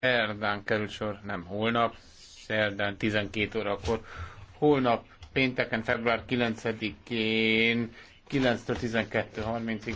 szerdán kerül sor, nem holnap, szerdán 12 órakor, holnap pénteken, február 9-én 9-től 12.30-ig